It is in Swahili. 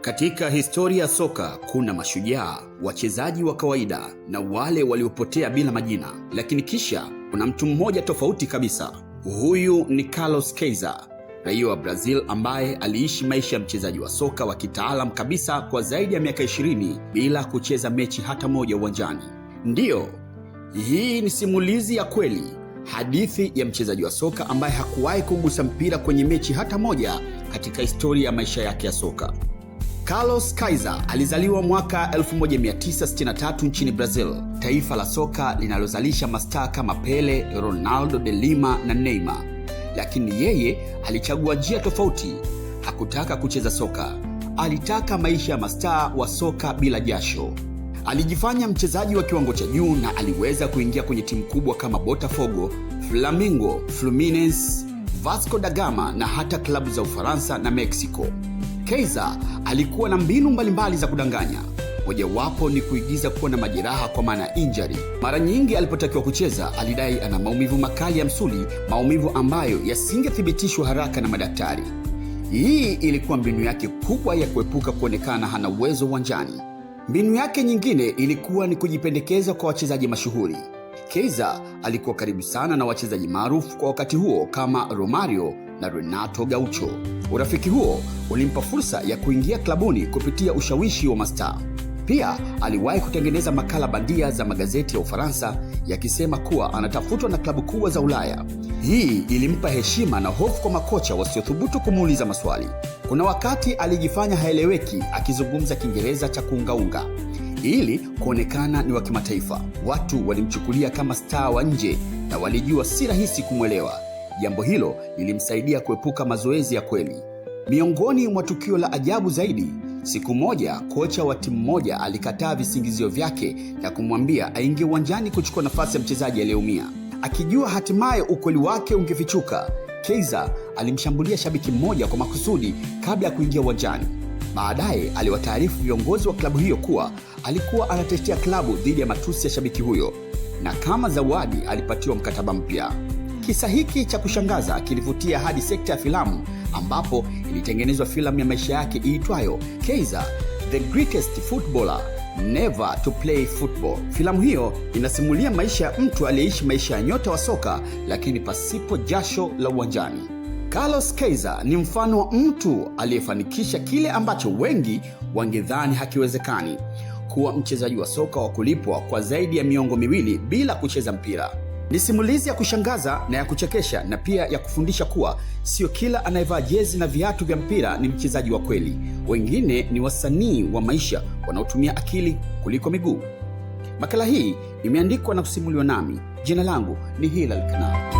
Katika historia ya soka kuna mashujaa, wachezaji wa kawaida na wale waliopotea bila majina, lakini kisha kuna mtu mmoja tofauti kabisa. Huyu ni Carlos Kaiser, raia wa Brazil ambaye aliishi maisha ya mchezaji wa soka wa kitaalam kabisa kwa zaidi ya miaka 20 bila kucheza mechi hata moja uwanjani. Ndiyo, hii ni simulizi ya kweli, hadithi ya mchezaji wa soka ambaye hakuwahi kugusa mpira kwenye mechi hata moja katika historia ya maisha yake ya soka. Carlos Kaiser alizaliwa mwaka 1963 nchini Brazil, taifa la soka linalozalisha mastaa kama Pele, Ronaldo de Lima na Neymar. Lakini yeye alichagua njia tofauti. Hakutaka kucheza soka, alitaka maisha ya mastaa wa soka bila jasho. Alijifanya mchezaji wa kiwango cha juu na aliweza kuingia kwenye timu kubwa kama Botafogo, flamingo Fluminense, Vasco da Gama na hata klabu za Ufaransa na Mexico. Kaiza alikuwa na mbinu mbalimbali za kudanganya. Mojawapo ni kuigiza kuwa na majeraha kwa maana injury. Mara nyingi alipotakiwa kucheza alidai ana maumivu makali ya msuli, maumivu ambayo yasingethibitishwa haraka na madaktari. Hii ilikuwa mbinu yake kubwa ya kuepuka kuonekana hana uwezo uwanjani. Mbinu yake nyingine ilikuwa ni kujipendekeza kwa wachezaji mashuhuri. Kaiza alikuwa karibu sana na wachezaji maarufu kwa wakati huo kama Romario na Renato Gaucho. Urafiki huo ulimpa fursa ya kuingia klabuni kupitia ushawishi wa mastaa. Pia aliwahi kutengeneza makala bandia za magazeti ya Ufaransa yakisema kuwa anatafutwa na klabu kubwa za Ulaya. Hii ilimpa heshima na hofu kwa makocha wasiothubutu kumuuliza maswali. Kuna wakati alijifanya haeleweki akizungumza Kiingereza cha kuungaunga ili kuonekana ni wa kimataifa. Watu walimchukulia kama staa wa nje na walijua si rahisi kumwelewa. Jambo hilo lilimsaidia kuepuka mazoezi ya kweli. Miongoni mwa tukio la ajabu zaidi, siku moja kocha wa timu moja alikataa visingizio vyake na kumwambia aingie uwanjani kuchukua nafasi ya mchezaji aliyeumia, akijua hatimaye ukweli wake ungefichuka. keiza alimshambulia shabiki mmoja kwa makusudi kabla ya kuingia uwanjani. Baadaye aliwataarifu viongozi wa klabu hiyo kuwa alikuwa anatetea klabu dhidi ya matusi ya shabiki huyo, na kama zawadi alipatiwa mkataba mpya. Kisa hiki cha kushangaza kilivutia hadi sekta ya filamu ambapo ilitengenezwa filamu ya maisha yake iitwayo Kaizer the Greatest Footballer Never to Play Football. Filamu hiyo inasimulia maisha ya mtu aliyeishi maisha ya nyota wa soka lakini pasipo jasho la uwanjani. Carlos Kaizer ni mfano wa mtu aliyefanikisha kile ambacho wengi wangedhani hakiwezekani: kuwa mchezaji wa soka wa kulipwa kwa zaidi ya miongo miwili bila kucheza mpira. Ni simulizi ya kushangaza na ya kuchekesha na pia ya kufundisha kuwa sio kila anayevaa jezi na viatu vya mpira ni mchezaji wa kweli. Wengine ni wasanii wa maisha wanaotumia akili kuliko miguu. Makala hii imeandikwa na kusimuliwa nami, jina langu ni Hilal Kanaani.